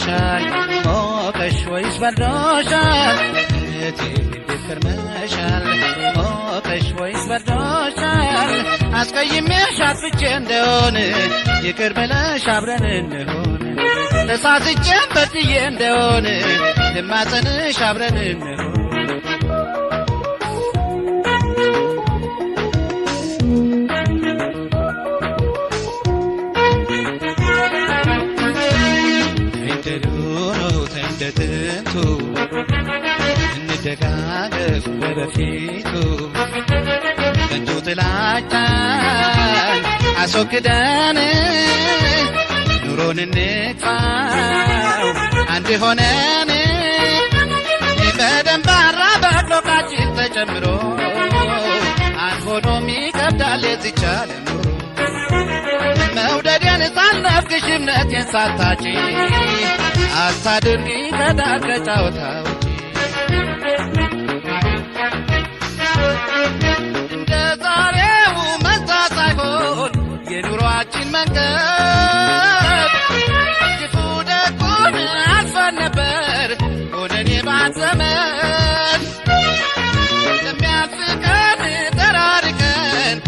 ይፈራሻል? ሞቀሽ ወይስ በርዶሻል? እቴ ሞቀሽ ወይስ በርዶሻል? አስቀይሜሽ አጥፍቼ እንደሆነ ይቅር ብለሽ አብረን እንሆን ተሳስቼ በድዬ እንደሆነ ልማጸንሽ አብረን እንሆን እንደ ጥንቱ እንደጋገፍ በበፊቱ እንዱ ጥላቻን አስወግደን ኑሮን እንግፋው አንድ ሆነን በደንብ አራበሎቃችን ተጨምሮ አንድ ሆኖም ይከብዳል የዚቻለም ልጅን ሳታጪ አታድርጊ ውጪ መዛ ሳይሆን የኑሯችን መንገድ ክፉ ደጉን አልፈን ነበር ሆነን የባት ዘመን ተራርቀን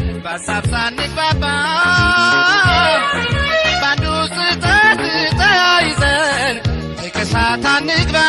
ንስሓታ ንግባ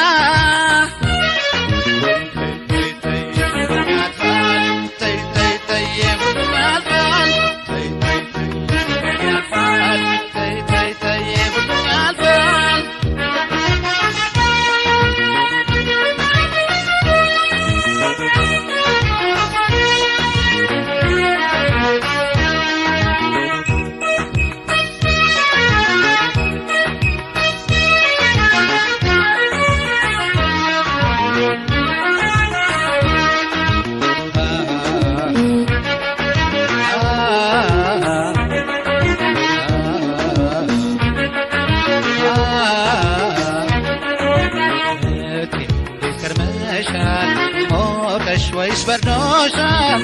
ነሽ ወይስ በርዶሻል?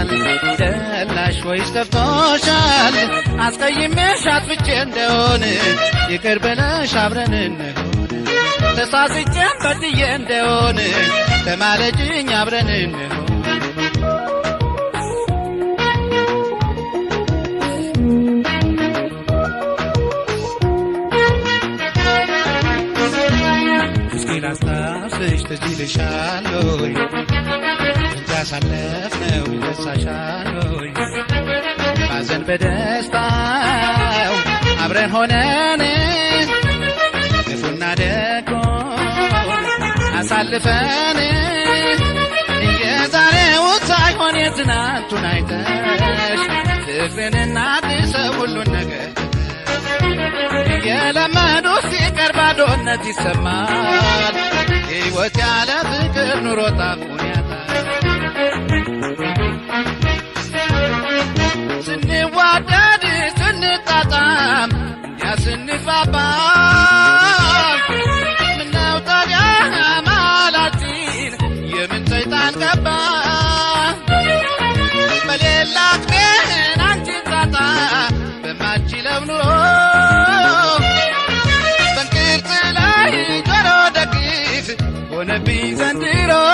እንዴት ይዞሻል? ደላሽ ወይስ ጠፍቶሻል? አስቀይሜሽ አጥፍቼ እንደሆን ይቅር ብለሽ አብረን እንሆን ተሳስቼም በድዬ እንደሆን ተማለጅኝ አብረን እንሆን ይልሻለይ እንዲያሳለፍነው ባዘን በደስታው አብረን ሆነን ክፉና ደጎ አሳልፈን የዛሬውን ሳይሆን የትናንቱን አይተሽ ፍቅርንና ሁሉን ነገር የለመዱ ሲቀር ባዶነት ይሰማል። ህይወት ያለ ፍቅር ኑሮ ጣፉን ያጣል። ስንዋደድ ስንጣጣም እኛ ስንፋባ ምነው ታዲያ መሃላችን የምን ሰይጣን ገባ? be Zandero.